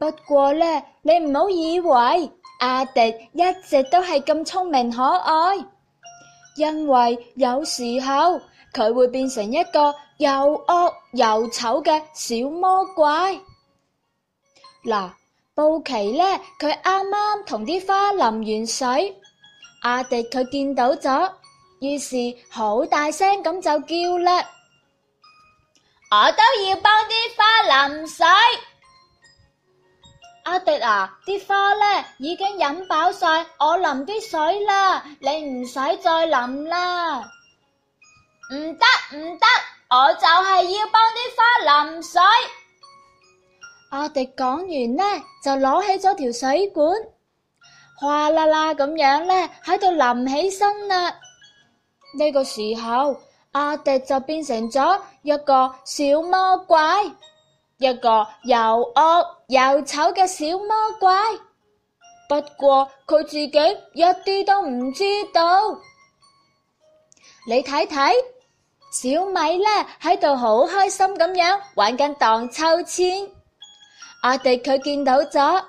不過呢，你唔好以為阿迪一直都係咁聰明可愛，因為有時候佢會變成一個又惡又醜嘅小魔鬼。嗱，布奇呢，佢啱啱同啲花淋完水，阿迪佢見到咗，於是好大聲咁就叫啦，我都要幫啲花淋水。阿迪啊，啲花咧已經飲飽晒，我淋啲水啦，你唔使再淋啦。唔得唔得，我就係要幫啲花淋水。阿迪講完呢，就攞起咗條水管，嘩啦啦咁樣咧喺度淋起身啦。呢個時候，阿迪就變成咗一個小魔怪。一個又惡又醜嘅小魔怪，不過佢自己一啲都唔知道。你睇睇小米呢，喺度好開心咁樣玩緊盪秋千，阿迪佢見到咗，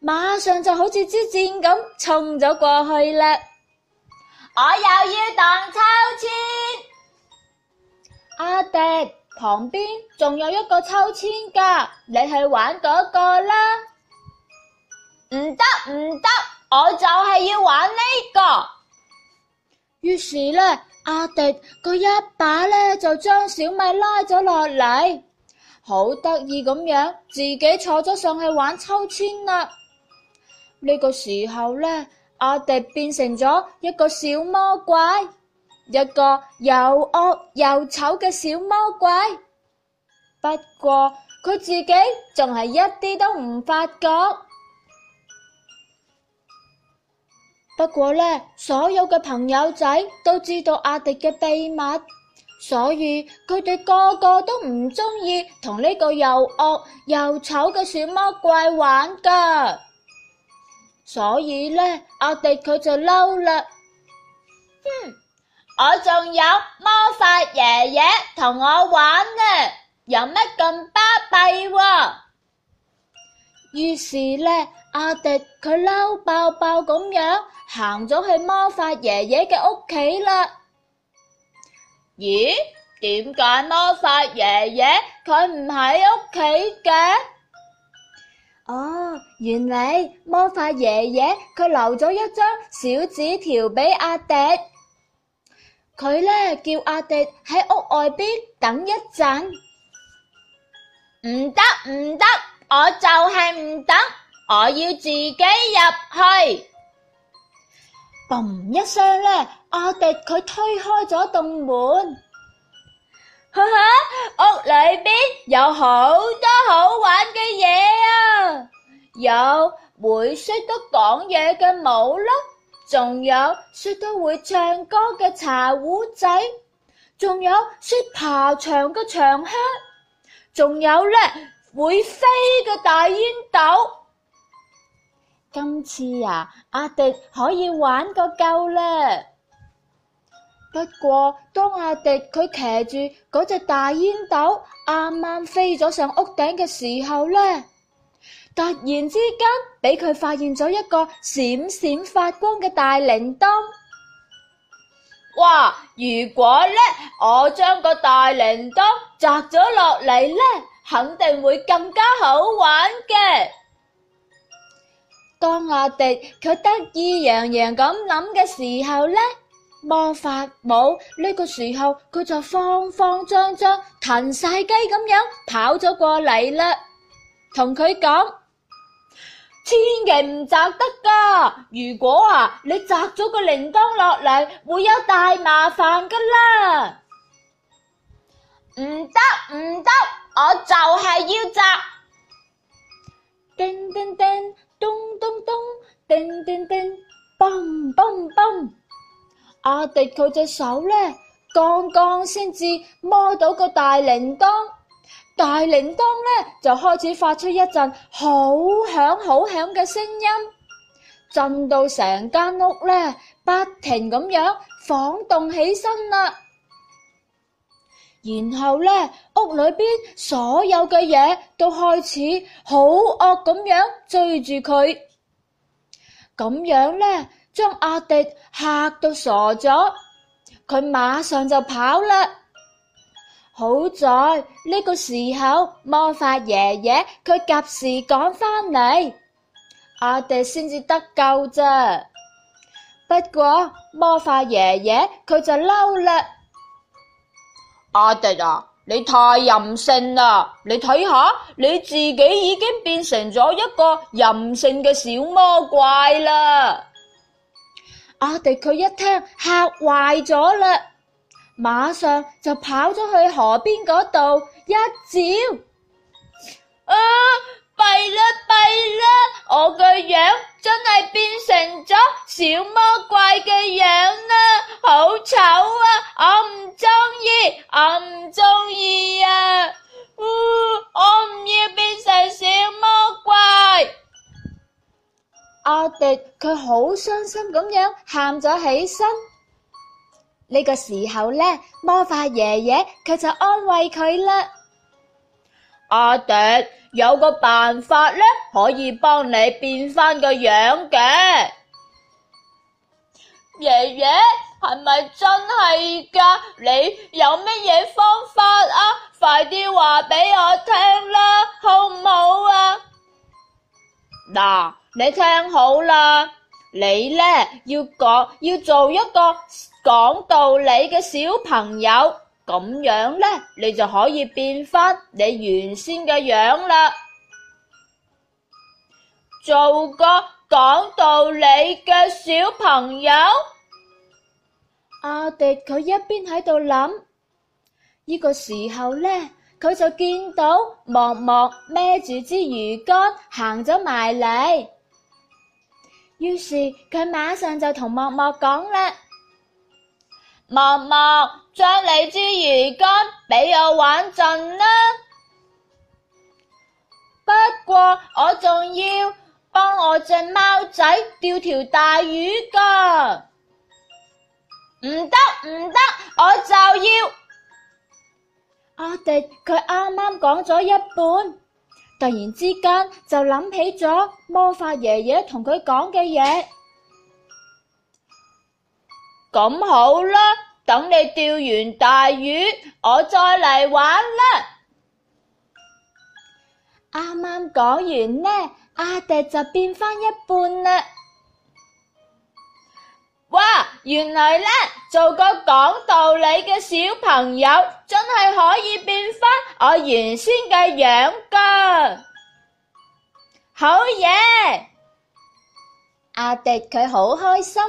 馬上就好似支箭咁衝咗過去啦。我又要盪秋千，阿迪。旁邊仲有一個秋千噶你去玩嗰個啦。唔得唔得，我就係要玩呢個。於是呢，阿迪個一把呢，就將小米拉咗落嚟，好得意咁樣自己坐咗上去玩秋千啦。呢個時候呢，阿迪變成咗一個小魔怪。一個又惡又醜嘅小魔鬼，不過佢自己仲係一啲都唔發覺。不過呢，所有嘅朋友仔都知道阿迪嘅秘密，所以佢哋個個都唔中意同呢個又惡又醜嘅小魔鬼玩噶。所以呢，阿迪佢就嬲啦，哼、嗯！我仲有魔法爺爺同我玩呢，有乜咁巴閉？於是呢，阿迪佢嬲爆爆咁樣行咗去魔法爺爺嘅屋企啦。咦？點解魔法爺爺佢唔喺屋企嘅？哦，原來魔法爺爺佢留咗一張小紙條俾阿迪。佢咧叫阿迪喺屋外邊等一陣，唔得唔得，我就係唔等，我要自己入去。嘣一聲咧，阿迪佢推開咗棟門，呵呵，屋裏邊有好多好玩嘅嘢啊，有會識得講嘢嘅 mouse。仲有識得會唱歌嘅茶壺仔，仲有識得爬牆嘅長靴，仲有咧會飛嘅大煙斗。今次啊，阿迪可以玩個夠啦。不過當阿迪佢騎住嗰隻大煙斗，啱啱飛咗上屋頂嘅時候咧。突然之間俾佢發現咗一個閃閃發光嘅大鈴鐺，哇！如果咧我將個大鈴鐺摘咗落嚟咧，肯定會更加好玩嘅。當阿迪佢得意洋洋咁諗嘅時候咧，魔法帽呢個時候佢就慌慌張張、騰晒雞咁樣跑咗過嚟啦，同佢講。千祈唔摘得噶！如果啊，你摘咗個鈴鐺落嚟，會有大麻煩噶啦！唔得唔得，我就係要摘！叮叮叮，咚咚咚，叮叮叮，嘣嘣嘣！阿迪佢隻手咧，剛剛先至摸到個大鈴鐺。大鈴鐺咧就開始發出一陣好響好響嘅聲音，震到成間屋咧不停咁樣晃動起身啦。然後咧屋裏邊所有嘅嘢都開始好惡咁樣追住佢，咁樣咧將阿迪吓到傻咗，佢馬上就跑啦。好在呢個時候魔法爺爺佢及時趕返嚟，阿迪先至得救咋。不過魔法爺爺佢就嬲啦，阿迪啊，你太任性啦！你睇下你自己已經變成咗一個任性嘅小魔怪啦！阿迪佢一聽嚇壞咗啦。馬上就跑咗去河邊嗰度一照，啊，弊啦弊啦！我個樣真係變成咗小魔怪嘅樣啦，好醜啊！我唔中意，我唔中意啊！嗚、呃，我唔要變成小魔怪。阿、啊、迪佢好傷心咁樣喊咗起身。呢個時候咧，魔法爺爺，佢就安慰佢啦。阿迪，有個辦法咧，可以幫你變翻個樣嘅。爺爺，係咪真係噶？你有乜嘢方法啊？快啲話俾我聽啦，好唔好啊？嗱，你聽好啦。你咧要講，要做一個講道理嘅小朋友，咁樣咧，你就可以變翻你原先嘅樣啦。做個講道理嘅小朋友，阿、啊、迪佢一邊喺度諗，呢、這個時候咧，佢就見到默默孭住支魚竿行咗埋嚟。於是佢馬上就同默默講啦：默默，將你支魚竿俾我玩陣啦。不過我仲要幫我隻貓仔釣條大魚噶。唔得唔得，我就要阿迪。佢啱啱講咗一半。突然之間就諗起咗魔法爺爺同佢講嘅嘢，咁好啦，等你釣完大魚，我再嚟玩啦。啱啱講完呢，阿迪就變翻一半啦。哇！原來呢，做個講道理嘅小朋友，真係可以變翻我原先嘅樣噶。好嘢！阿迪佢好開心。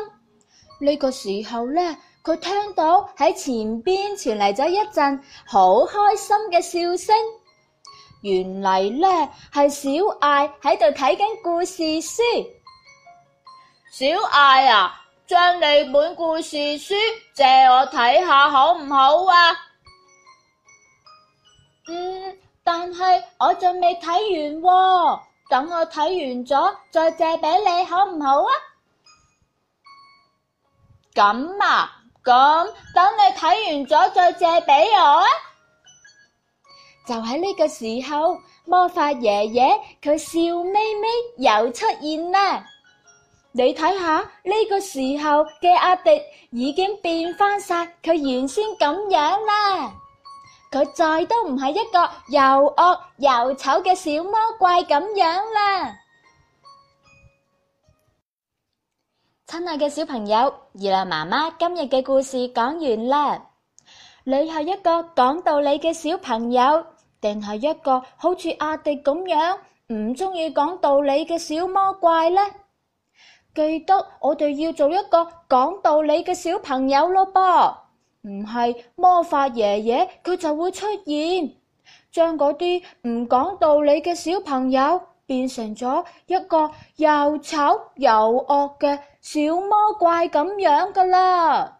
呢個時候呢，佢聽到喺前邊傳嚟咗一陣好開心嘅笑聲。原來呢，係小艾喺度睇緊故事書。小艾啊！將你本故事書借我睇下，好唔好啊？嗯，但係我仲未睇完，等我睇完咗再借俾你，好唔好啊？咁啊，咁等你睇完咗再借俾我啊！就喺呢個時候，魔法爺爺佢笑眯眯又出現啦。你睇下呢個時候嘅阿迪已經變翻晒佢原先咁樣啦，佢再都唔係一個又惡又醜嘅小魔怪咁樣啦。親愛嘅小朋友，月亮媽媽今日嘅故事講完啦。你係一個講道理嘅小朋友，定係一個好似阿迪咁樣唔中意講道理嘅小魔怪呢？記得我哋要做一個講道理嘅小朋友咯，噃，唔係魔法爺爺佢就會出現，將嗰啲唔講道理嘅小朋友變成咗一個又醜又惡嘅小魔怪咁樣噶啦。